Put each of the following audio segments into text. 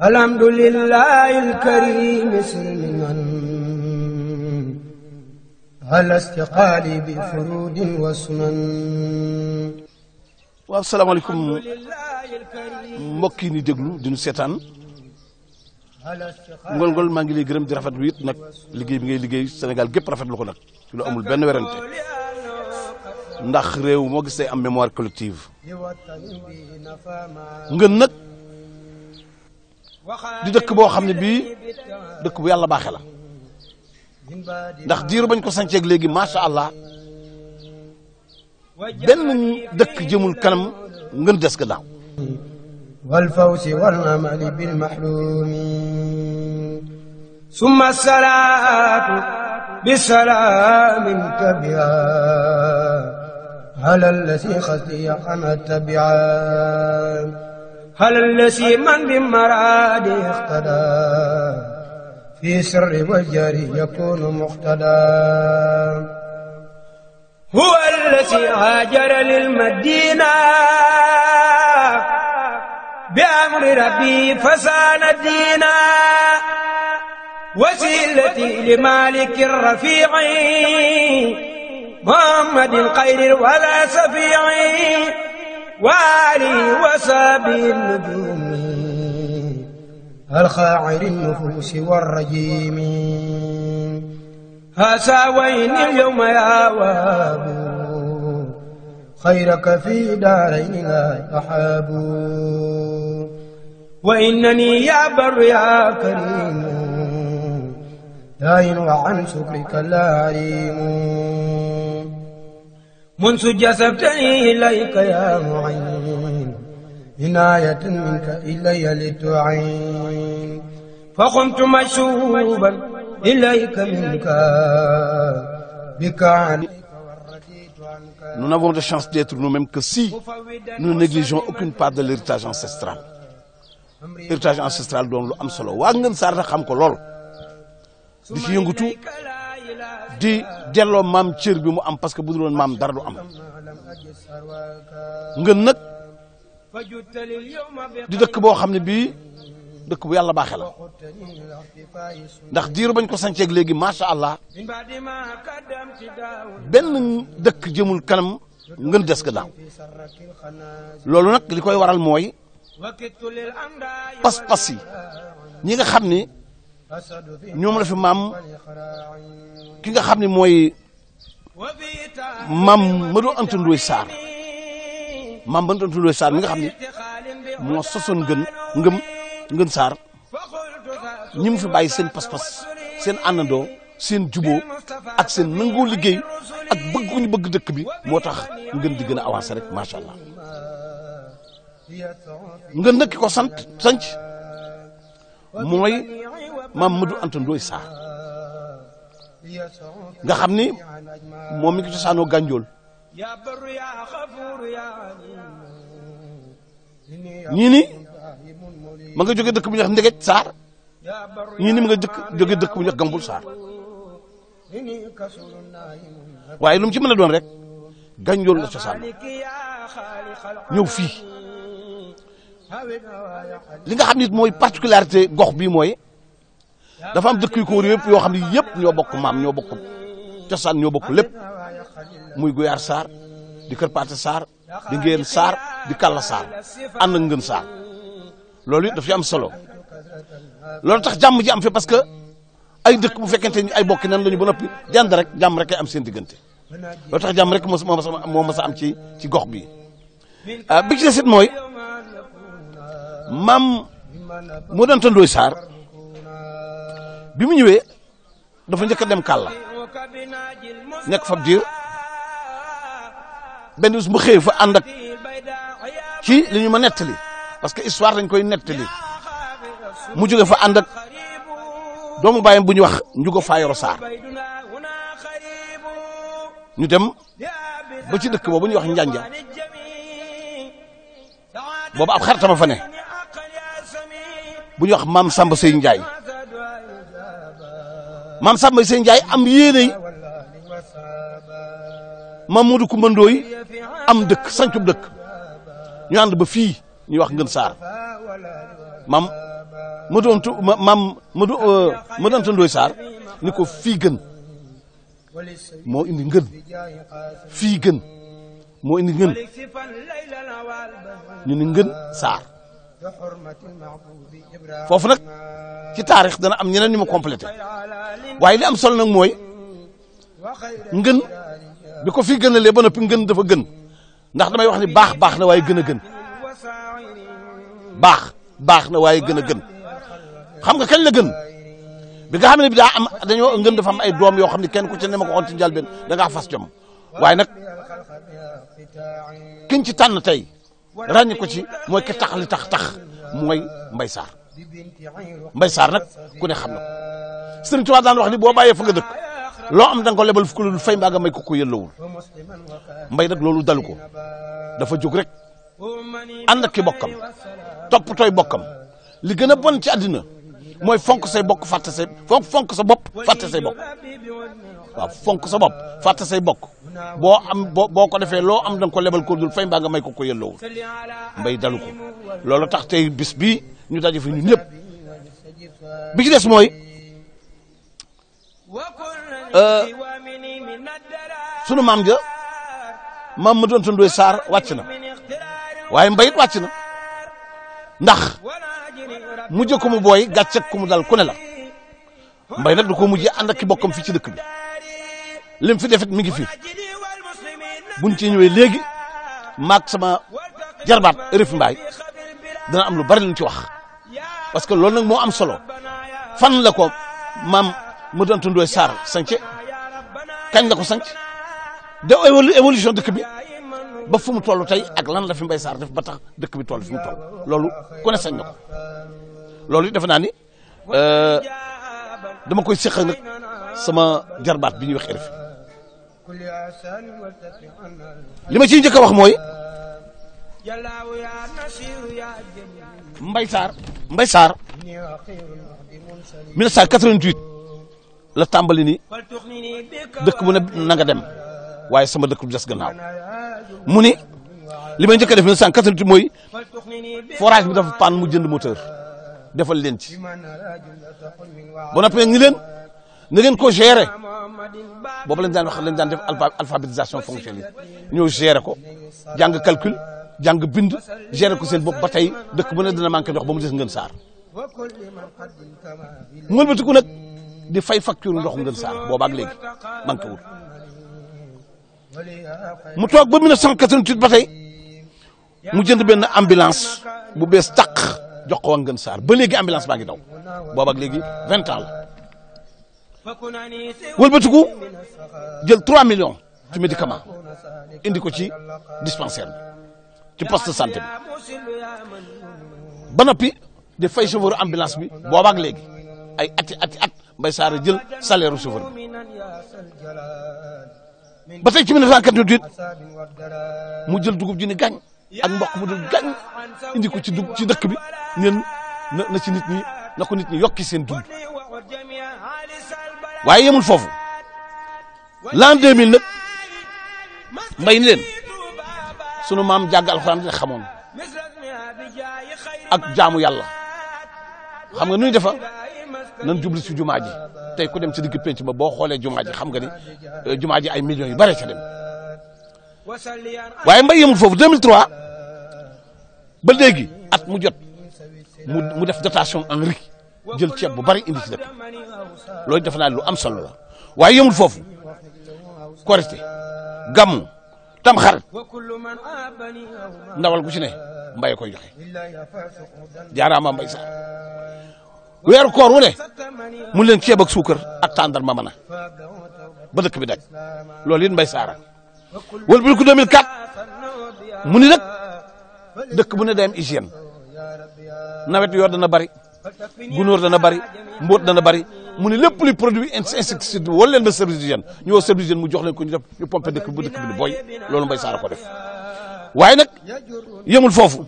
alhamdulillahi alkarim silman ala bi furudin wa waaw salaamaaleykum mbokk yi ni déglu di nu seetaan ngol ngol maa ngi lay gërëm di rafetlu it nag liggéey bi ngay liggéey Sénégal gépp rafetlu ko nag ci lu amul benn werante ndax réew moo gis day am mémoire collective ngën nag di dëkk boo xam ne bii dëkk bu yàlla baaxe la ndax diiru bañ ko sanceeg léegi macha allah benn dëkk jëmul kanam ngën des ga daaw wal fawzi wal amali bil mahrumin summa salaatu bi salaamin tabia ala allasi xasiya ana tabia alal la si man bi maraadi ixtadaa fi sirri wal jahri yakunu muxtadaa huwa allasi haajara lil madiina bi amri rabbi fasaana diina wasilati li maaliki rafiici muhammadin xayril wala safiici وآله وصحبه النجوم الخاعر النفوس والرجيم هسا وين اليوم يا وهاب خيرك في دارين لا أحاب وإنني يا بر يا كريم داين وعن شكرك لا أريم منذ جسبتني إليك يا معين عناية منك إلي لتعين فقمت مشوبا إليك منك بك عن Nous n'avons de chance d'être nous-mêmes que si nous ne négligeons part de l'héritage ancestral. Héritage ancestral doon lu am solo waa ngeen saar xam ko lool di ci yëngatu di delloo maam cër bi mu am parce que bu dul woon maam dara du am ngën nag di dëkk boo xam ne bii dëkk bu yàlla baaxee la ndax diiru bañ ko sanceeg léegi macha allah benn dëkk jëmul kanam ngën des ko daaw loolu nag li koy waral mooy pas-pas ñi nga xam ni. ñoom la fi maam ki nga xam ne mooy maam Madou Anta Ndoye Sarr maam Madou Anta Ndoye Sarr mi nga xam ne moo sosoon gën ngëm ngën Sarr fi bàyyi seen pas-pas seen àndandoo seen juboo ak seen nangoo liggéey ak bëgguñu bëgg dëkk bi moo tax ngën di gën a avancé rek macha allah ngën nag ko sanc mooy Mamadou Anta Ndoye Sarr nga xam ni moom mi ngi cosaanoo Gànjool ñii ma nga jógee dëkk bu ñuy wax Ndegeej Sarr ñii ma nga jëkk jógee dëkk bu ñuy wax Gambul Sarr waaye lu ci mën a doon rek Gànjool la cosaan ñëw fii li nga xam ni mooy particularité gox bii mooy dafa am dëkk yu ko wër yëpp yoo xam ne yëpp ñoo bokk maam ñoo bokk cosaan ñoo bokk lépp muy Guyaar Sarr di Kër Paate Sarr di Ngeen Sarr di Kalla Sarr ànd ak Ngën Sarr loolu it daf ci am solo loolu tax jàmm ji am fi parce que ay dëkk bu fekkente ni ay bokki nan la ñu ba noppi jànd rek jàmm rek am seen diggante loolu tax jàmm rek moo moo mës a am ci ci gox bi ah, bi ci des it mooy maam mu doon tëndooy Sarr. bi mu ñëwee dafa njëkk a dem kàlla nekk fa diir benn bis mu xëy fa ànd ci li ñu ma nettali parce que histoire dañ koy nettali mu jóge fa ànd doomu bàyyam bu ñu wax njugo faayoro saar ñu dem bu ci dëkk boobu ñuy wax njanja boobu ab xaritama fa ne wax maam Samba Sey Njaay maam Samba Seen Njaay am yéene maam Modou Coumba Ndoye am dëkk sancub dëkk ñu ànd ba fii ñuy wax ngën saar maam ma doon tu maam ma euh, saar ni ko fii gën moo indi ngën fii gën moo indi ngën ñu ni ngën saar foofu nag ci taarix dana am ñeneen ñu ma complété waaye li am solo nag mooy ngën bi ko fi gënalee ba noppi ngën dafa gën ndax damay wax ni baax baax na waaye gën a gën baax baax na waaye gën a gën xam nga kañ la gën bi nga xam ne bi daa am dañoo ngën dafa ay doom yoo xam ne kenn ku ci ne ma ko xoon ci njëlbeen da fas jom waaye nag kiñ ci tànn tey ràññ ko ci mooy ki tax li tax tax mooy Mbay Saar Mbay Saar nag ku ne xam na ko Sëriñ Tuubaa daan wax ni boo bàyyee fa nga dëkk loo am danga ko lebal fu ko lu fay mbaa nga may ko ko yëllawul mbay nag loolu dalu ko dafa jóg rek ànd ak ki bokkam toppatooy bokkam li gën a bon ci àddina mooy fonk say bokk fàtte say fonk fonk sa bopp fàtte say bokk fonk sa bopp fàtte say bokk boo am boo boo ko defee loo am da ko lebal ko dul fay mbaa nga may ko ko yelloowul mbay dalu ko loolu tax tey bis bi ñu daje fi ñun ñëpp bi ci des mooy euh, sunu maam ja maam ma doon tundooy Sarr wàcc na waaye mbayit wàcc na ndax mujj ku mu booy gàcce ku mu dal ku ne la mbay nag du ko mujjee ànd ak ki bokkam fii ci dëkk bi. lim fi defit mi ngi fi buñ ci ñëwee léegi maak sama jarbaat Ërif Mbaay dana am lu bari luñ ci wax parce que loolu nag moo am solo fan la ko maam mu doon tundooy Sarr sànce kañ la ko sànc de évolution dëkk bi ba fu mu toll tey ak lan la fi Mbay Sarr def ba tax dëkk bi toll fi mu toll loolu ku ne sañ na ko loolu defe naa ni euh, dama koy séq nag sama jarbaat bi ñuy wax Ërif li ma ciy njëkk a wax mooy Mbaye Sarr Mbaye Sarr 1988 la tàmbali ni dëkk bu ne na nga dem waaye sama dëkk du des gannaaw mu ni li may njëkk a def 1988 mooy forage bi dafa panne mu jënd moteur defal leen ci ba noppi nag ni ko gérer boobu lañ daan wax lañ daan def alphabétisation fonctionnelle ñoo géré ko jàng calcul jàng bind géré ko seen bopp ba tey dëkk bu ne dina manqué ndox ba mu des ngën saar mën ba tukku nag di fay facture ndox ngën saar boobaak léegi manqué wul mu toog ba 1988 ba tey mu jënd benn ambulance bu bees tàq jox ko waa ngën saar ba léegi ambulance baa daw boobaak léegi wëlbatiku jël 3 millions ci médicament indi ko ci dispensaire bi ci poste de santé bi ba noppi di fay chauffeur ambulance bi boobaak léegi ay ati ati at Mbaye Saara jël salaire u chauffeur bi ba tey ci 1948 mu jël dugub ji ni gàñ ak mboq mu dul gàñ indi ko ci dug ci dëkk bi neen na ci nit ñi na ko nit ñi yokki seen dund waaye yemul foofu l'an 2000 nag mbay ni sunu maam jàgg alxuraan dina xamoon ak jaamu yàlla xam nga nu ñu defa nan jubli si jumaa ji tey ku dem ci digg penc ba boo xoolee jumaa ji xam nga ni euh, jumaa ji ay millions yu bare ca dem waaye mbay yemul foofu 2003 ba léegi at mu jot mu def dotation en riz jël ceeb bu bari indi ci dëkk loolu defe naa lu am solo la waaye yëmul foofu korite gàmmu tam xarit ndawal gu ci ne mbay koy joxe jaaraama mbay sax weeru koor wu ne mun leen ceeb ak suukar ak tàndar ma mën a dëkk bi daj loolu it mbay saara wala bu ko 2004 mu ni nag dëkk bu ne day am hygiène nawet yoo dana bari gunóor dana bari mboot dana bari mu ne lépp luy produit insecticide wala leen ba service d'hygiène ñu woo service d'hygiène mu jox leen ko ñu def ñu pompé dëkk bu dëkk bi loolu mbay saara ko def waaye nag yemul foofu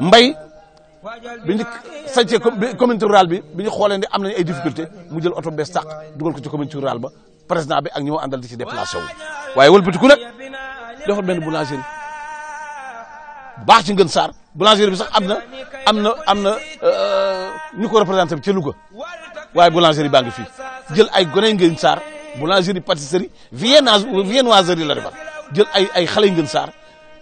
mbay bi ñu sañcee communauté rural bi bi ñu xooleen di am nañu ay difficulté mu jël oto bees tàq dugal ko ci communauté rural ba président bi ak ñi ma àndal di ci déplacé wu waaye wëlbatiku nag defar benn boulangerie baax ci ngën saar boulangerie bi sax am na am na am na euh, ñu ko représenté bi ca Louga waaye boulangerie baa ngi fii jël ay gone ngën saar boulangerie pâtisserie viennoise viennoiserie la defar jël ay ay xale ngën saar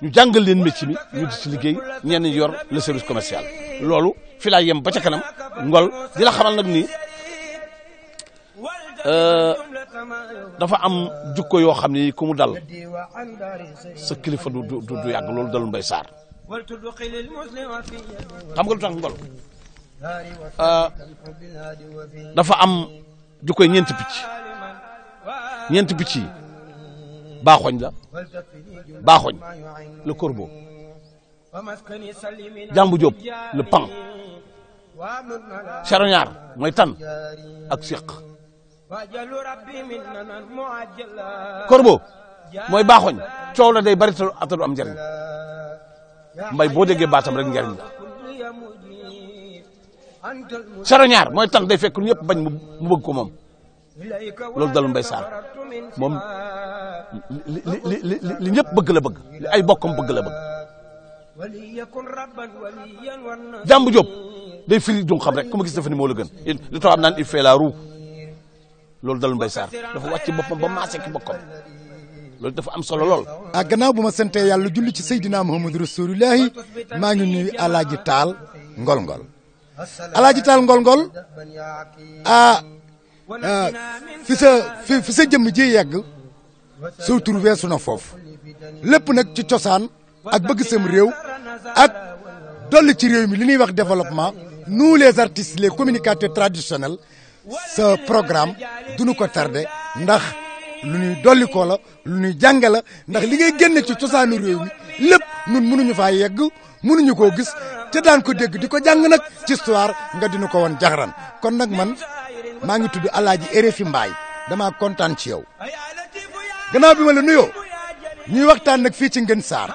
ñu jàngal leen métier mi ñu di ci liggéey ñenn yor le service commercial loolu fi laa yem ba ca kanam ngol di la xamal nag ni euh, dafa am jukko yoo xam ni ku dal sa kilifa du du du yàgg loolu dalul mbay saar xam nga lu tax dafa am jukkoy ñeenti picc ñeenti picc yi baaxoñ la baaxoñ le corbeau jàmbu jóob le paon charognard mooy tan ak séq corbeau mooy baaxoñ coow la day bari talu am njëriñ mbay boo déggee baatam rek njariñ la saroñaar mooy tax day fekk ñëpp bañ mu bëgg ko moom loolu dalu mbay saar moom li li li li ñëpp bëgg la bëgg li ay bokkam bëgg la bëgg jàmbu Jóob day firi du xam rek ku ma gis dafa ni moo la gën li too am naan il fait la roue dalu mbay saar dafa wàcc boppam ba maase ki bokkam loolu dafa am solo lool. ah gannaaw bu ma sante yàlla julli ci Seydina Muhammadu Rasulullahi maa ngi nuyu Alaaji Taal Ngol-Ngol Alaaji Taal Ngol-Ngol ah, ah fi sa fi sa jëmm ji yegg soo tur weesu na foofu lépp nag ci cosaan ak bëgg sëm réew ak dolli ci réew mi li ñuy wax développement nous les artistes les communicateurs traditionnels ce programme duñu ko tardé ndax. lu ñuy dolli koo la lu ñuy jànge ndax li ngay génne ci cosaanu réew mi lépp nun mënuñu faa yegg mënuñu ko gis te daan dégg di ko jàng nag ci histoire nga dina ko woon jaxaran kon nag man maa ngi tudd alaaji Erefi Mbaay damaa kontaan ci yow gannaaw ma la nuyoo ñuy waxtaan nag fii ci Ngën Saar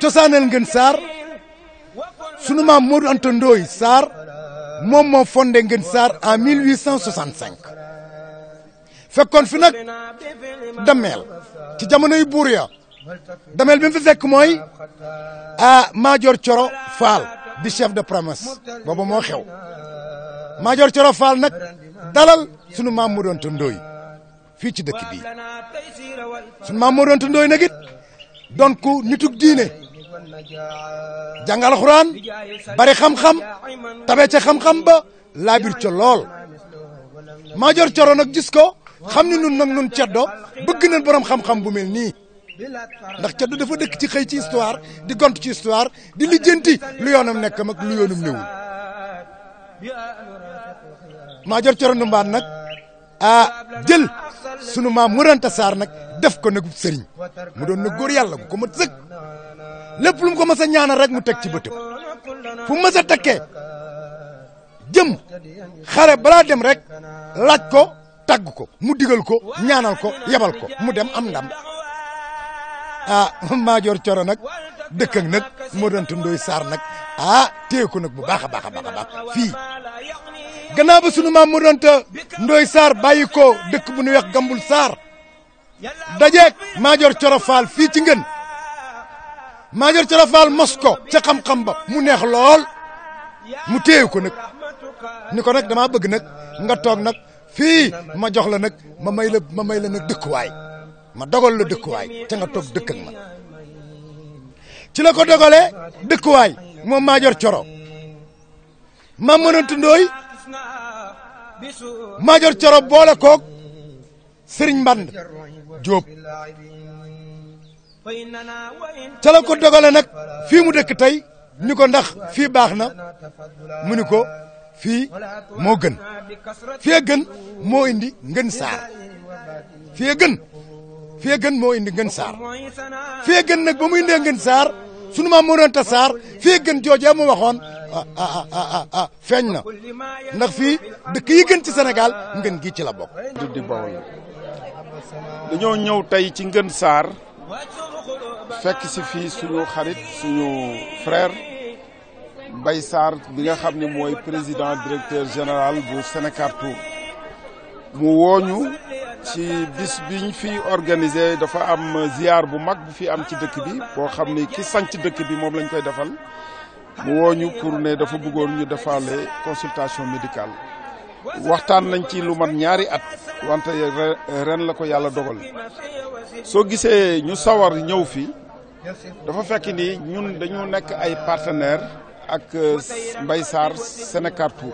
cosaanal ngeen Saar sunu maam Modou Anta Ndoye Sarr moom moo fondé ngeen Saar en 1865 fekkoon fi nag dameel ci jamonoy buur ya dameel bi fi fekk mooy a Maajoor Coro Faal di chef de promesse booba moo xew Maajoor Coro Faal nag dalal sunu maam mu fii ci dëkk bii sunu maam mu doon tëndooy nag ku nitug diine jàngal xuraan bari xam-xam tabe xam-xam ba laabir ca lool Maajoor Coro nag gis ko xam ne nun nag nun ceddo bëgg nañ borom xam-xam bu mel nii ndax ceddo dafa dëkk ci xëy ci histoire di gont ci histoire di lijjanti lu yoonam nekk mag lu yoonum newul maa jor coroonu mbaan nag ah jël sunu maam muranta saar nag def ko nagu sëriñ mu doon na góor yàlla gu ko mat sëkk lépp lum ko mas a ñaanal rek mu teg ci bëtëb fu mas a takkee jëm xare balaa dem rek laaj ko tagg ko mu digal ko ñaanal ko yebal ko mu dem am ndam ah maajoor coro nag dëkk ak nag moo doon saar nag a ah, téye ko nag bu baax a baax a baax ba sunu maam mu ndooy saar bàyyi ko dëkk bu nu wax gambul saar dajeeg maajoor coro faal fii ci ngen maajoor coro faal mos ko ca xam-xam ba mu neex lool mu téye ko nag ni ko nag damaa bëgg nag nga toog nag fii ma jox la nag ma may la ma may la nag dëkkuwaay ma dogal la dëkkuwaay te nga toog ma ci la ko dogalee dëkkuwaay moom maa jor coro ma mënantu ndooy maa coro boole koog sëriñ mband jóob ca la ko dogale nag fii mu dëkk tey ni ko ndax fii baax na mu ni ko fii moo gën fee gën moo indi ngën saar fee gën fee gën moo indi ngën saar fee gën nag ba mu indee ngën saar sunu maam moo doon tasaar fee gën joojee mu waxoon feeñ na ndax fii dëkk yi gën ci senegal ngën gii ci la bokk. di Bawol dañoo ñëw tey ci ngën saar fekk si fii suñu xarit suñu frère. Mbaye Sarr bi nga xam ne mooy président directeur général bu Sénécartour mu wooñu ci bis biñ fi organisé dafa am ziar bu mag bu fi am ci dëkk bi boo xam ni ki sanc dëkk bi moom lañ koy defal mu wooñu pour ne dafa buggoon ñu defaale consultation médical waxtaan lañ ci lu man ñaari at wante ren la ko yàlla dogal soo gisee ñu sawar ñëw fi dafa fekk ni ñun dañu nekk ay partenaires ak euh, Mbaye Sarr Sénécartour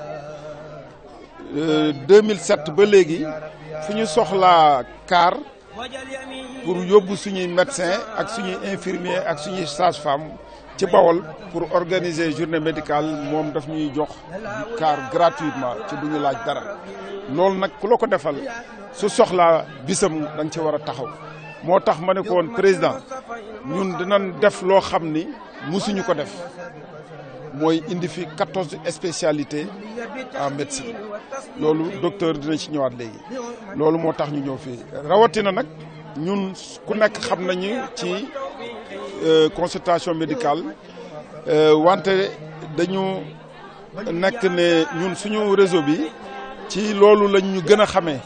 2007 euh, ba léegi fu ñu soxlaa car pour yóbbu suñuy médecin ak suñuy infirmier ak suñuy sage-femme ci Bawol pour organiser journée médical moom daf ñuy jox car gratuitement ci du ñu laaj dara loolu nag ku la ko defal su soxlaa bisam da nga ci war a taxaw moo tax ma ne ko woon président ñun dinañ def loo xam ni musuñu ko def mooy indi fi quatorze spécialités en médecine loolu docteur dina ci ñëwaat léegi loolu moo tax ñu ñëw fii rawatina nag ñun ku nekk xam nañu ci euh, consultation médicale euh, wante dañu nekk ne ñun suñu réseau bi ci loolu lañ ñu gën a xamee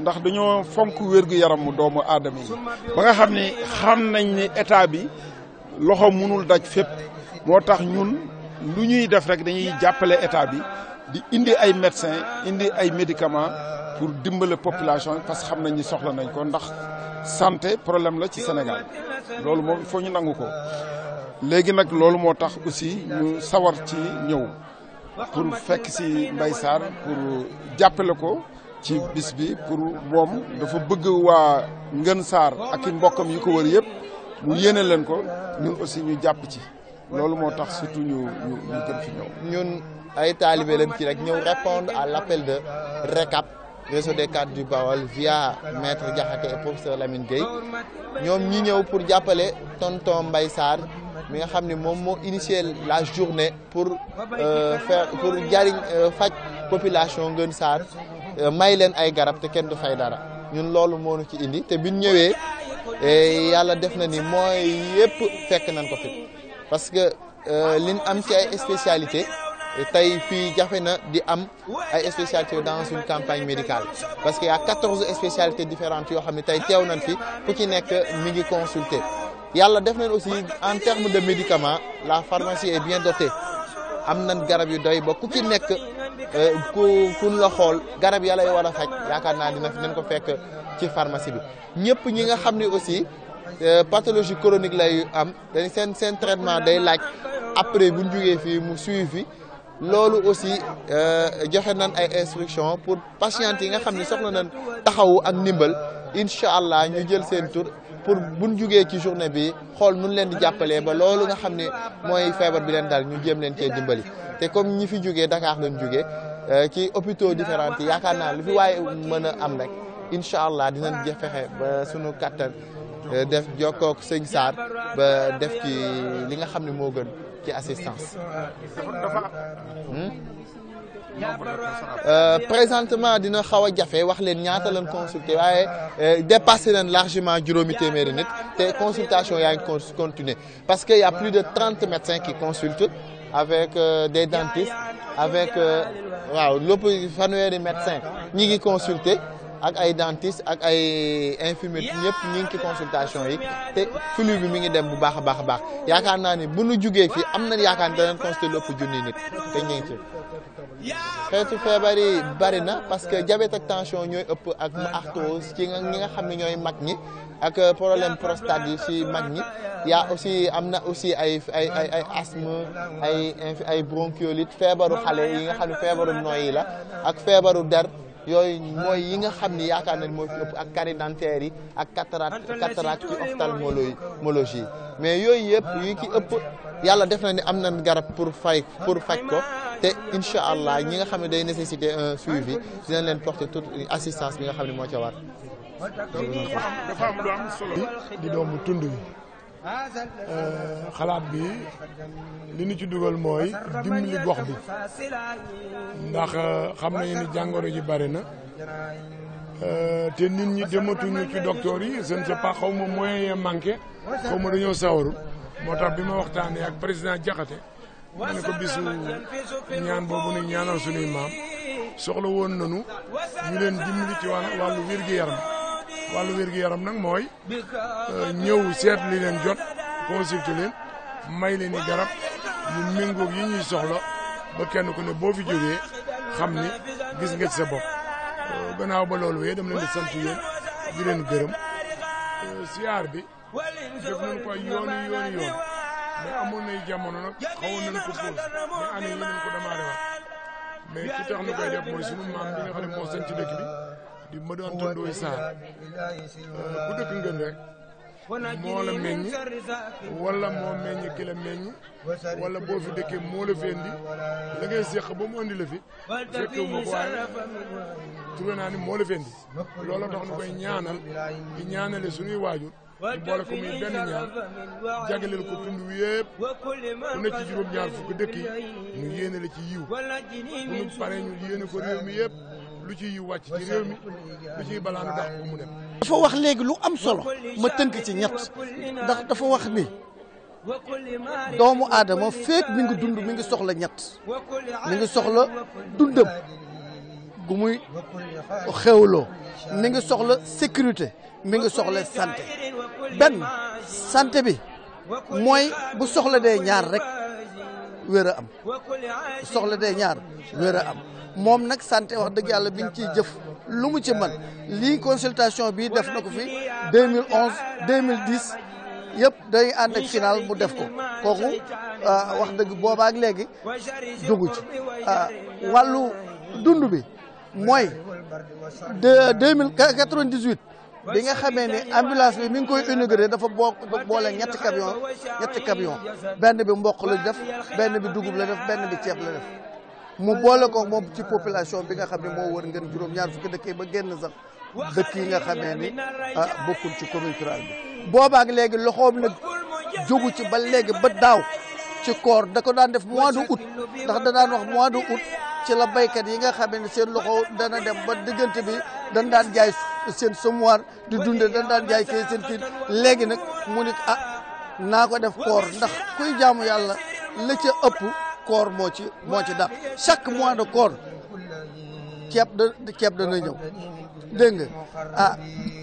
ndax dañoo fonk wér gu mu doomu aadama yi ba nga xam ni xam nañ ni état bi loxo mënul daj fépp moo tax ñun lu ñuy def rek dañuy jàppale état bi di indi ay médecins indi ay médicaments pour dimbale population parce que xam nañ ni soxla nañ ko ndax santé problème la ci Sénégal loolu moom il ñu nangu ko léegi nag loolu moo tax aussi ñu sawar ci ñëw pour fekk si Mbaye Sarr pour jàppale ko ci bis bi pour moom dafa bëgg waa Ngën saar ak i mbokkam yu ko wër yëpp mu yéene leen ko ñun aussi ñu jàpp ci. loolu moo tax surtout ñu ñu ñu gën fi ñun ay taalibe lañ ci rek ñëw répondre à lappel appel de RECAP réseau des cadres du Baol via maître Diakhaté et professeur Lamine Gueye ñoom ñi ñëw pour jàppale tonton mbay Sarr mi nga xam ni moom moo initié la journée pour euh, faire pour jariñ euh, faj population Ngeun Sarr euh, may leen ay garab te kenn du fay dara ñun loolu moo ñu ci indi te biñ ñëwee eh, yàlla def na ni mooy yëpp fekk nañ ko fi. parce que euh, li ñu am ci ay spécialité tey fii jafe na di am ay spécialités dans une campagne médicale parce que y a quatorze spécialités différentes yoo xam ne tey teew nañ fi ku ci nekk mi ngi consulter yàlla def nañ aussi en terme de médicament la pharmacie est bien dotée am nañ garab yu doy ba ku ci nekk euh, ku kun la xool garab yàlla lay war faj yaakaar naa dina fi nañ ko fekk ci pharmacie bi ñëpp ñi nga xam ne aussi Euh, pathologie chronique lay am dañ seen seen traitement day laaj après bu ñu jugee fii mu suivi loolu aussi euh, joxe nañ ay instructions pour patients yi nga xam ne soxla nañ taxawu ak ndimbal incha allah ñu jël seen tur pour bu ñu jógee ci journée bi xool nu leen di jàppalee ba loolu nga xam ni mooy feebar bi leen daal ñu jéem leen cee dimbali te comme ñi fi jógee Dakar lañ jugee euh, ci hôpitaux différents yi yaakaar naa lu fi waaye mën a am rek incha allah dinañ fexe ba sunu kattan. Euh, def jokkook sëñ Sarr ba def ci li nga xam ne moo gën ci assistance. Hmm? Euh, présentement dina xaw a jafe wax leen ñaata lañ consulté waaye euh, dépassé nañ largement juróomi téeméeri nit te consultation yaa ngi continuer parce que y a plus de trente médecins qui consultent avec des dentistes avec waaw lépp fanweeri médecins ñi ngi consulter. ak ay dentiste ak ay infirmier ñëpp ñu ngi ci consultation yi te flux bi mi ngi dem bu baax a baax a baax yaakaar naa ni bu nu jugee fii am na yaakaar ne danañ constaté lu ëpp junni nit te ñu feebar yi bari na parce que diabète ak tension ñooy ëpp ak mu arthrose ci ñi nga xam ne ñooy mag ñi ak problème prostate yi si mag ñi yaa aussi am na aussi ay ay ay ay asthme ay ay bronchiolite feebaru xale yi nga xam ne feebaru noyyi la ak feebaru der yooyu mooy yi nga xam ni yaakaar nañ moo fi ëpp ak carie yi ak cataracte cataracte ci mologie mais yooyu yëpp yi ki ëpp yàlla def na ni am na garab pour fay pour faj ko te incha allah ñi nga xam ne day nécessiter un suivi dinañ leen porter toute assistance bi nga xam ne moo ca war. dafa am lu di doomu tund wi. Euh, xalaat bi li ñu ci dugal mooy dimbali gox bi ndax euh, xam na nañu ni jàngoro ji bari na euh, te nit ñi dematuñu ci docteur yi je ne sais pas xaw ma moyen yee manqué xaw ma dañoo sawarul moo tax bi ma waxtaanee ak président Diakhaté ma ne ko bisu ñaan boobu nu ñaanal suñuy maam soxla woon nañu ñu leen dimbali ci wàllu wér-gi-yaram wàllu wér-gu-yaram nag mooy euh, ñëw seet li leen jot consulté leen may leen garab mu méngoog yi ñuy soxla ba kenn ku ne boo fi jógee xam ni gis nga ci sa euh, gannaaw ba loolu wee dama leen di sant yéen di leen gërëm euh, siyaar bi def nañ ko ay yooni yooni yoon mais amoon nay jamono nag xawoon nañ ko pause mais année yi nañ ne moo sañ ci dëkk di ma doon tëndooy saar bu rek moo la meññ wala moo meññ ki la meññ wala boo fi dëkkee moo la fi indi ba mu indi la wu ma ko waaye trouvé naa ni moo la fi indi nu koy ñaanal di ñaanale suñuy waajur ñu boole ko muy benn ñaan jagleel ko tund wi yëpp ku ne ci juróom-ñaar fukk dëkk yi ñu yéene ci yiw bu ñu paree ko réew mi lu ci wàcc ci réew mu dem dafa wax léegi lu am solo ma tënk ci ñett dafa wax ni doomu aadama féet mi ngi dund mi ngi soxla ñett mi ngi soxla dundam gu muy xewloo mi soxla sécurité mi ngi soxla santé benn santé bi mooy bu soxla dee ñaar rek wér a am bu soxla dee ñaar wér a am moom nag sante wax dëgg yàlla bi ngi ciy jëf lu mu ci man lii consultation bi def na ko fi 2011 2010 yëpp day ànd ak final mu def ko kooku ah, wax dëgg boobaak léegi dugg ci ah, dund bi mooy de 2098 bi nga xamee ni ambulance bi mi ngi koy inauguré dafa boo boole ñetti camion ñetti camion benn bi mboq la def benn bi dugub la def benn bi ceeb la def mu boole ko moom ci population bi nga xam ne moo war ngeen juróom-ñaar fukki dëkk yi ba génn sax dëkk yi nga xamee ni ah bokkul ci commune rurale bi. boobaak léegi loxoom nag jógu ci ba léegi ba daaw ci koor da ko daan def mois de août ndax da daan wax mois de ci la baykat yi nga xamee ni seen loxo dana dem ba diggante bi dañ daan jaay seen semoir di dunde dañ daan jaay kii seen kii léegi nag mu ne a ah, naa ko def koor ndax kuy jaamu yàlla la ca ëpp. koor moo ci moo ci dàq chaque mois de koor ceeb da ceeb dana ñëw dégg nga ah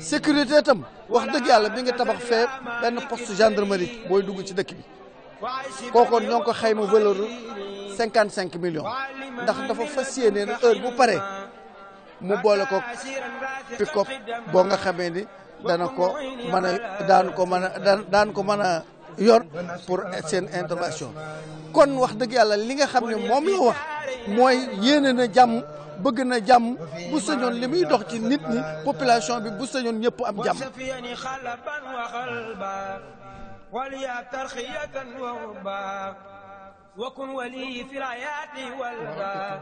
sécurité itam wax dëgg yàlla bi nga tabax fee benn poste gendarmerie booy dugg ci dëkk bi kookoon ñoo ngi ko xayma valeur cinquante cinq million ndax dafa fas yéeneen heure bu pare mu boole ko pick-up boo nga xamee ni ko a daan ko mën daan ko mën yor pour seen intervention kon wax dëgg yàlla li nga xam ne moom la wax mooy yéene na jàmm bëgg na jàmm bu sañoon li muy dox ci nit ñi population bi bu sañoon ñëpp am jàmm wakun wali fi layaati wal ba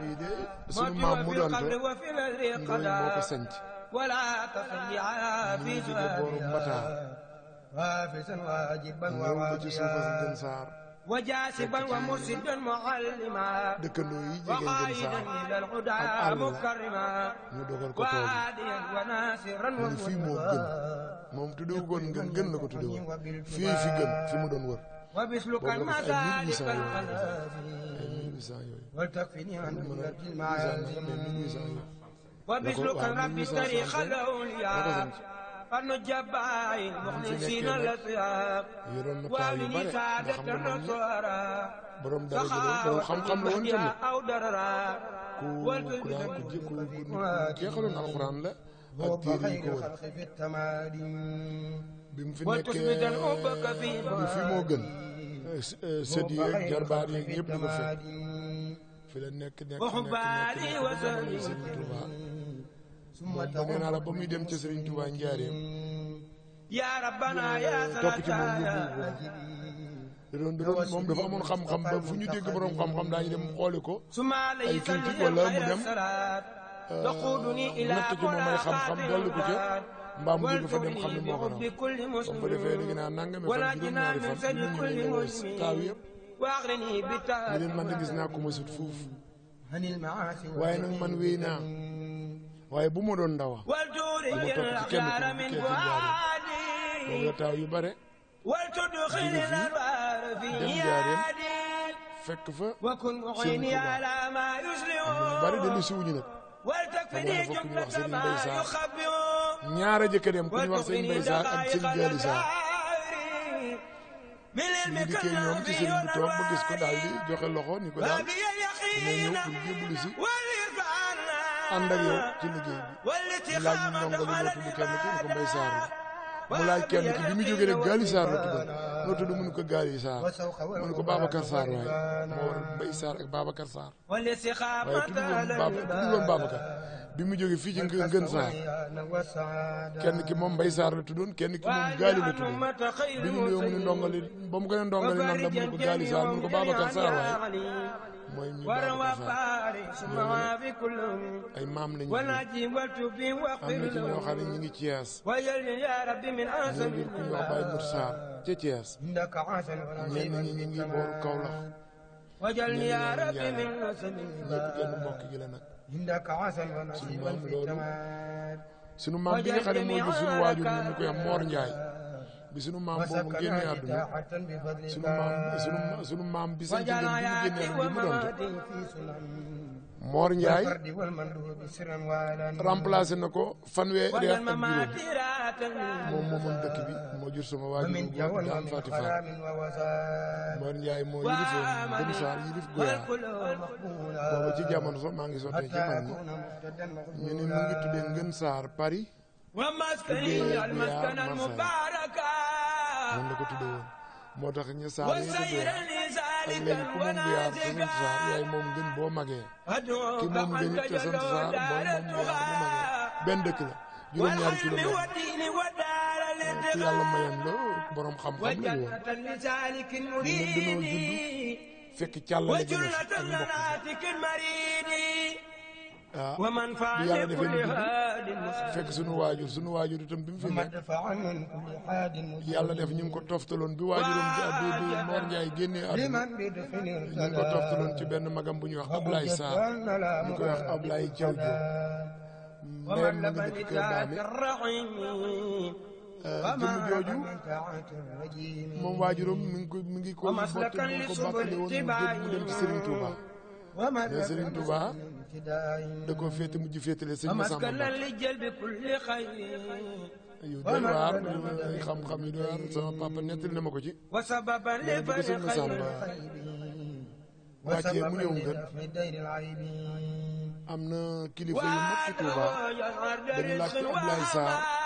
sunu maam mu doon de ñooñu moo ko sanc wala tafali ala fi booru حافظا واجبا وواضيا وجاسبا ومرشدا معلما وقائدا الى الهدى مكرما وهاديا وناصرا ومنصرا moom tuddewu goon gën gën la ko tudde woon fii fi gën fi mu doon wër boobu la ko ay mille huit cent yooyu ay mille huit cent yooyu mën a mille huit cent yooyu fanu jabbaay muxlisiina la siyaab waaw yi ni saadata nasoora saxaawa xam-xam la woon tamit aw darara ku ku daan ku ku jeexaloon alxuraan la ak téere yi ko woon bi mu fi nekkee bi fi moo gën sët yi ak jarbaar yi ñëpp di ko fekk fi la nekk nekk nekk nekk nekk nekk moom bëgg naa la ba muy dem ca Serigne Touba Njaareem yaa rabbana yaa salaata topp ci moom yóbbu doon da doon moom dafa amoon xam-xam ba fu ñu dégg borom xam-xam daañu dem xooli ko mu dem euh, ko ca mbaam jóge fa dem xam moo ko raw ba fa defee da nga naan waaye nag man wéy waaye bu ma doon ndawa dama topp ci kenn ku mu dikkee ci loolu la taaw yu bare jóge fii dem jaareem fekk bari dellu si wuñu nag xam nga dafa ku ñu wax seen mbay saar ñaara jëkk dem ku ñu wax seen mbay saar ak seen jaali saar suñu dikkee ñoom ci sëriñ bi toog ba gis ko daal di joxe loxo ni ko daal dina si ànd ak ci liggéey bi mu laaj ñu ndongo bi noo tudd kenn ko Mbay Saar mu laaj kenn ki bi mu jógee rek Gaali Saar la tudd noo tudd mu ne ko Gaali Saar mu ne ko Babacar Saar waaye moo war Saar ak Saar bi mu jógee fii ci Ngën Saar kenn ki moom Mbay Saar la tuddoon kenn ki moom Gaali la tuddoon bi ñu nuyoo mu ne ndongali ba mu ko ne ndongali nan la mu ne ko Gaali Saar mu ne ko Babacar Saar waaye mooy ñu ay maam lañu am na ci ñoo xam ne ñu ngi Thiès am na ñu ku ñoo Baye Mour Sarr ca Thiès ñenn ñi ñu ngi booru Kaolack ñenn ñi ñëpp kenn mbokk gi la nag suñu maam loolu suñu maam bi nga xam ne moo jur suñu waajur ñu koy am Mor Ndiaye bi sunu maam boobu génne àdduna sunu maam sunu maam bi seen jigéen bi mu génne àdduna bi mu doon Mor Ndiaye remplacé na ko fanweeri at ak juróom moom moomoon dëkk bi moo jur sama waa ji daan Fati Fall Mor Ndiaye moo yilifoon Bun Saar yilif Goya booba ci jamono sax maa ngi sottee ci man ñu ne mu ngi tuddee Ngën Saar Paris liggéeyal Massaar noonu la ko tuddee woon moo tax ñu saal yi tuddee ak léegi ku moom Biyaar te sant Saar yaay moom gën boo magee ki moom gën it te sant Saar moom moom Biyaar bu magee benn dëkk la juróom-ñaari kilomètre ci yàlla mayoon la borom xam-xam la ñu woon ñun dañoo judd fekk càllale gi ak mbokk ah bi yàlla defee nii fekk sunu waajur sunu waajur itam bi mu fi def ñu ko toftaloon bi waajuram bi bi Mor Ndiaye génnee àdduna ñu ngi ko toftaloon ci benn magam bu ñuy wax Ablaye Sarr ñu koy wax Ablaye Thiaw Diop. ndeyam mu ngi dëkk Kër ah, jooju moom waajuram mi ngi ko mi ngi ko fott mi ngi ko bàqale woon da koo féete mujj féetale sëñ Masamba yu doy waar xam-xam yu doy waar sama papa nettali na ma ko ci. nee na sëñ Masamba wàccee mu néew ngeen am na kilifa yu mag ci Tuuba dañu laajte Abdoulaye Sarr.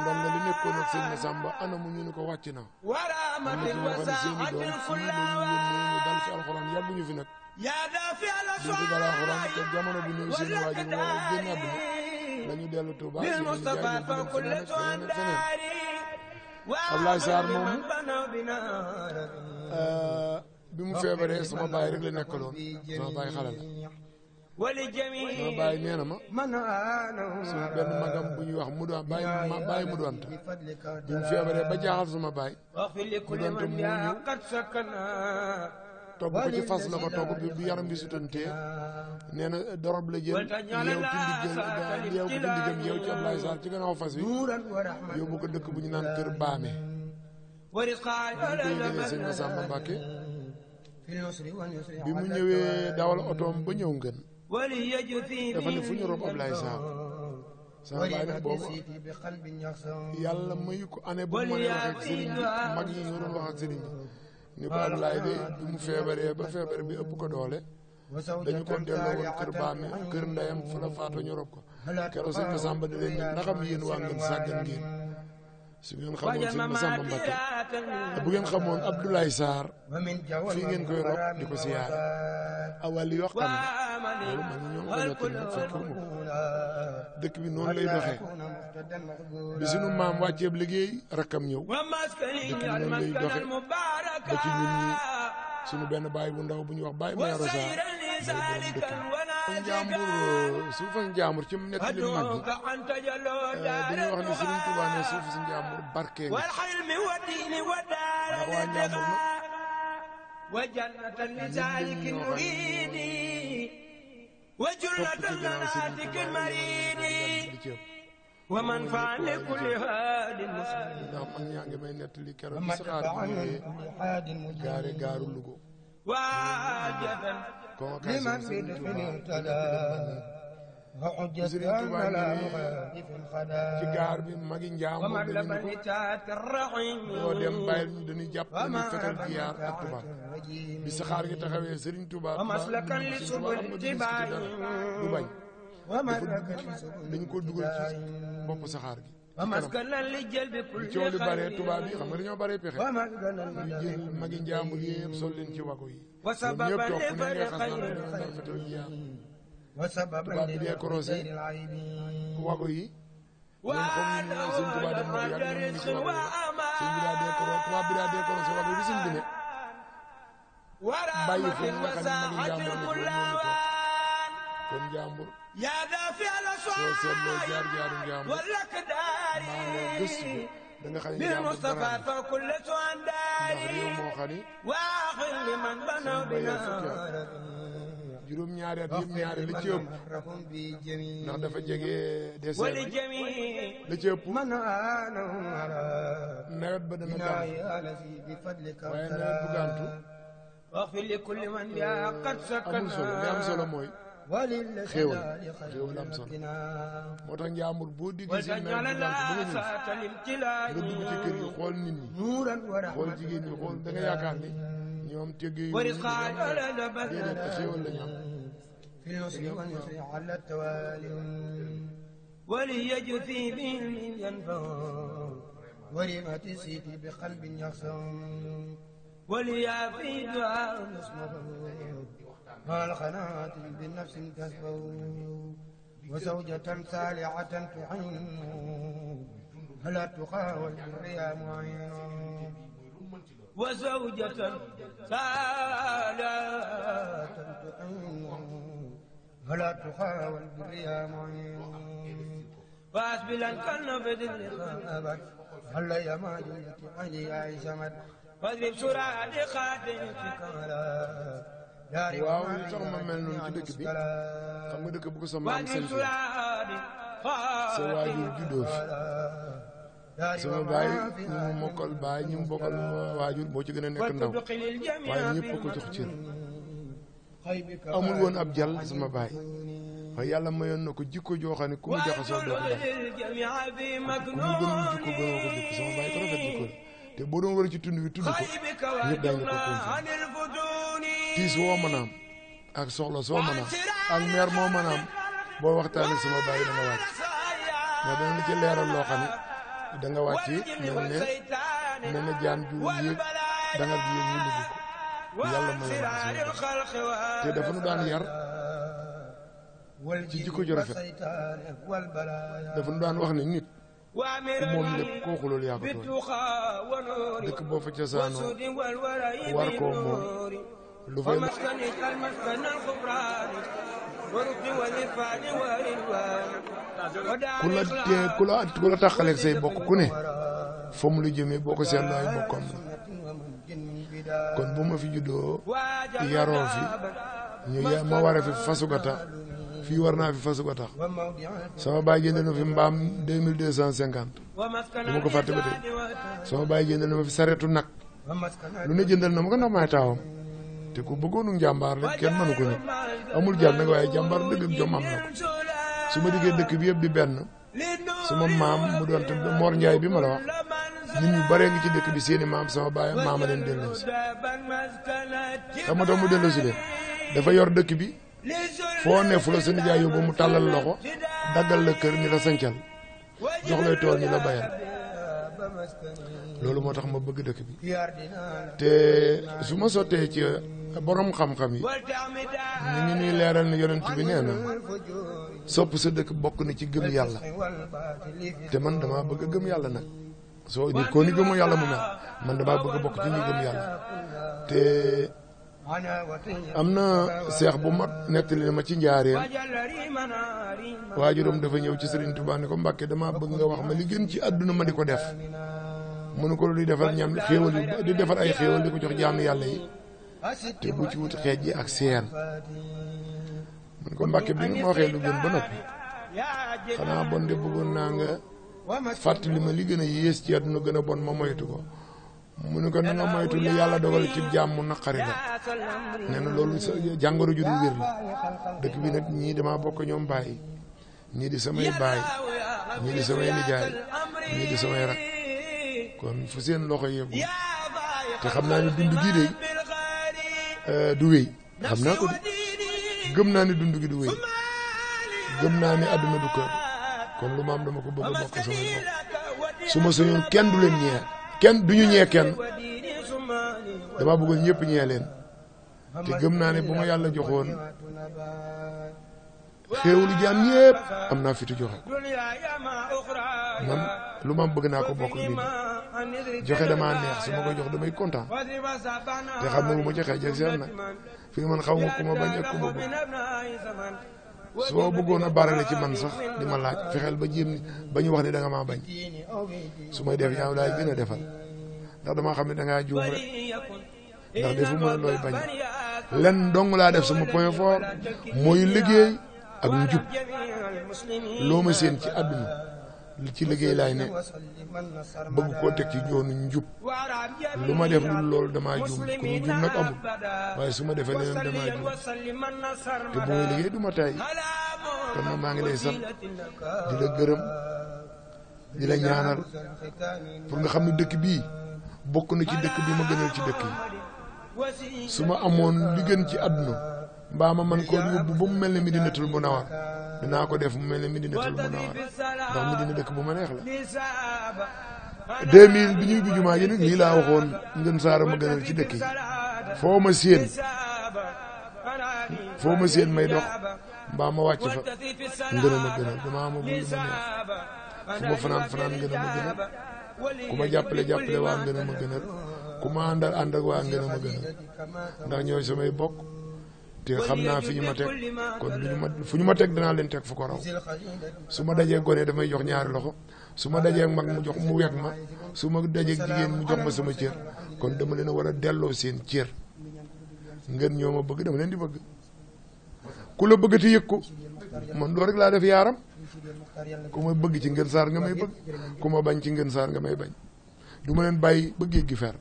ndongo li nekkoon ak sëñ Masamba ko wàcc na am na fi alxuraan jamono bu ñëw ñu dellu Tuuba seen i jaay feneen bi mu feebaree sama baay rek la nekkaloon sama baay xale sama bàyyi nee na ma sama benn magam bu ñuy wax mu doon bàyyi ma bàyyi ta bi mu ba jaaxal sama bàyyi mu mu ñëw togg ko ci fas la ko togg bi bu yaram bi sutantee nee dorob la jël yeew ci ndigg yeew ci ci Ablaye Sarr ci gannaaw fas wi yóbbu dëkk bu ñu naan kër baame bu ñu koy sëñ Massamba bi mu ñëwee dawal otoom ba ñëw ngeen dafa ne fu ñu rob Ablaye Sakho sama baay nag boobu yàlla mayu ko année bu ne wax ak sëriñ bi mag ñi ñu doon wax ak sëriñ bi ni ko Ablaye de du mu feebaree ba feebar bi ëpp ko doole dañu ko delloo woon kër baame kër ndeyam fa la faatoo ñu rob ko keroog sëñ Masamba di leen ne ndaxam yéen waa ngeen su ngeen xamoon sëñ Masamba Mbakke bu ngeen xamoon Abdoulaye Sarr fii ngeen koy rob di ko siyaar awal yi waxtaan loolu man ñoo ngi ko nettali nag fekkiwu dëkk bi noonu lay doxee bi sunu maam wàcceeb liggéey rakkam ñëw dëkk bi noonu lay doxe ba ci ñun ñi sunu benn baay bu ndaw bu ñu wax baay Mayoro Sarr mooy borom dëkk bi njàmbur suufas njàmbur ci mu nekk li mu màgg eh, dañuy wax ne Sëriñ Tuubaa ne suufas njàmbur barkee nga waa njàmbur nag wa man faa nekkul haadi ndax man ñaa ngi may nettali keroog bi saxaar bi gaare gaaru Lugo لمن بدخل اهتدى Sëriñ Tuubaa nii ci gaar bi magi Njaago dañu ko boo dem bàyyi ñu dañuy jàpp dañuy fetal jiyaar ak bi saxaar gi taxawee Sëriñ Tuubaa du bañ dañ ko dugal ci bopp saxaar gi. li coow li bare tubaab yi xam nga dañoo bare pexe ñu jël magi njaamur yëpp sol leen ci wago yi ñëpp toog ku ne nga xas na rafetal njaam tubaab bi dee korose wago yi ñoom comme ñu naan suñ tubaab korose tubaab bi daa dee korose wago yi bi suñ bi kon njàmbur soo seetloo jaar jaaru njàmbur maanaam gëstu ko da nga xam ne njàmbur dara ndax réew moo xam ni juróom ñaari at yëpp ñaari li ci ëpp ndax dafa jege désert li ci ëpp nawet ba dana gàntu waaye nawet bu gàntu amul solo li am solo mooy xéewal xéewal am solo moo tax njaambur boo déggee seen mère bu nga dugg ci kër gi xool nit ñi xool jigéen ñi xool da nga yaakaar ni ñoom tëgg yu déedéet te xéewal la ñu am وليجثي بهم ينفع ولما تسيتي بقلب يخصم وليعفي دعاء مصمم قال خناتي بنفس تسبو وزوجة سالعة تعين فلا تقاوى الريا معين وزوجة سالعة تعين فلا تقاوى البريا معين واسبلا كالنفذ الرقابة هل يا ما جلت علي عيسمت واذب سرادي خاتمتك على waaw li tax ma mel noonu ci dëkk bi xam nga dëkk bu ko sa maam sëñ fi sa waajur juddoo fi sama baay ñu mu mokkal baay ñu mu bokkal waajur moo ci gën a nekk ndaw waaye ñëpp ko jox cër amul woon ab jàll sama baay waaye yàlla mayoon na ko jikko joo xam ne ku mu jaxasoo doo ko def ku mu gënul jikko gënoo ko jikko sama baay ko rafet jikko la te boo doon war ci tund wi tudd ko ñëpp daañu ko confié kiis woo mën a am ak soxla soo mën am ak meer moo mën a am boo waxtaanee suma bàyyi da nga wàcc mais dana ci leeral loo xam ne da nga wàcc mel ne mel ne jaan yàlla mayoon na si te dafa ci jikko ju rafet dafa nu daan wax ne nit. moom lépp kooku loolu yaa ko boo fa cosaanoo war koo moom lu fay ku la tee ku la ku ne fa mu lu jëmee boo ko seetloo ay bokkam la kon bu ma fi juddoo yaroo fi ñu ya ma war a fi fasugata fii war naa fi fasuga tax sama baay jëndal na fi mbaam deux mille deux cent cinquante du ma ko fàtte ba tey sama baay na lu ne jëndal na ma ko ndax maay te ku bëggoonu njàmbaar rek kenn mënu ko nit amul jàll nag waaye jàmbaar dëgg jom am na su ma diggee dëkk bi yëpp di benn suma maam mu doon te njaay bi ma la wax nit ñu baree ngi ci dëkk bi seeni maam sama baay maama leen delloo si xam nga tax mu delloo si leen dafa yor dëkk bi foo ne fu la sa nijaay yóbbu mu tàllal loxo daggal la kër ni la sancal jox lay tool ni la bayal loolu moo tax ma bëgg dëkk bi te su ma sottee ci borom xam-xam yi ñu ngi ñuy leeral ne yonent bi nee na sopp sa dëkk bokk na ci gëm yàlla te man damaa bëgg gëm yàlla na soo nit koo ni gëmoo yàlla mu mel man damaa bëgg bokk ci ñu gëm yàlla te am na seex bu mag nettali na ma ci waa juróom dafa ñëw ci Serigne Touba ne ko Mbàkke dama bëgg nga wax ma li gën ci àdduna ma di ko def mënu ko di defar ñam xéewal di defar ay xéewal di ko jox jaamu yàlla yi te bu ci wut xeej yi ak seen mun ko Mbàkke bi nga ma waxee lu gën ba noppi xanaa bon de bëggoon naa nga fàttali ma li gën a yées ci àdduna gën a bon ma moytu ko mu ne ko na nga moytu li yàlla dogal ci jaam mu naqari la nee na loolu sa jàngoro ju dul wér la dëkk bi nag ñii dama bokk ñoom bàyyi ñii di samay baay ñii di samay nijaay ñii di kon fu seen loxo yeggu te xam naa ne dund gi euh, xam naa gëm naa ne dund du wéy gëm naa ne àdduna du kër lu ma am dama ko bëgg bokk sama bopp su kenn du leen ñeer kenn du ñu ñee kenn dama bëggoon ñëpp ñee leen te gëm naa ne bu ma yàlla joxoon xéewalu jaam ñëpp am naa fitu joxe man lu ma bëgg naa ko bokk nit ñi joxe damaa neex su ko jox damay kontaan te xam na bu ma joxee jeg seen nag fi man xaw ma ku ma bañ ak ku soo bëggoon a barale ci man sax di ma laaj fexeel ba jéem ba ñu wax ni da nga maa bañ su may def yaa laay gën na defal ndax damaa xam ne da ngaa juum rek ndax looy bañ lenn dong laa def sama point fort mooy liggéey ak njub loo ma seen ci àdduna ci liggéey laay ne bëgg koo teg ci joonu njub lu ma def lu loolu damaa juum ku ñu juum nag amul waaye su ma defee leneen damaa juum te bu may liggéey du ma kon maa ngi lay sant di la gërëm di la ñaanal pour nga xam ne dëkk bii bokk na ci dëkk bi ma gënal ci dëkk yi su ma amoon li gën ci àdduna mbaa ma man koo yóbbu ba mu mel ne Medinatul Munawwar dinaa ko def mu mel ne Medinatul Munawwar ndax Medina dëkk bu ma neex la. 2000 bi ñuy bi jumaa ji nag laa waxoon ngeen saara ma gënal ci dëkk yi foo ma séen foo ma séen mbaa ma wàcc fa ngën ma gën a ma bëgg ma neex ku fanaan fanaan ngën ma gën ku ma jàppale jàppale waa ngën a ma gën a àndal ak waa ngën a ma gën a ndax ñooy samay bokk te xam naa fi ñu ma teg kon lu ñu ma fu ñu ma teg danaa leen teg fu ko raw su ma dajee gone damay jox ñaari loxo su ma dajee mag mu jox mu wekk ma su ma dajee jigéen mu jox ma sama cër kon dama leen a war a delloo seen cër ngeen ñoo ma bëgg dama leen di bëgg ku la bëgg te yëg ko man loolu rek laa def yaaram ku ma bëgg ci ngën saar nga may bëgg ku bañ ci ngën saar nga may bañ du ma leen bàyyi bëgg géej gi fer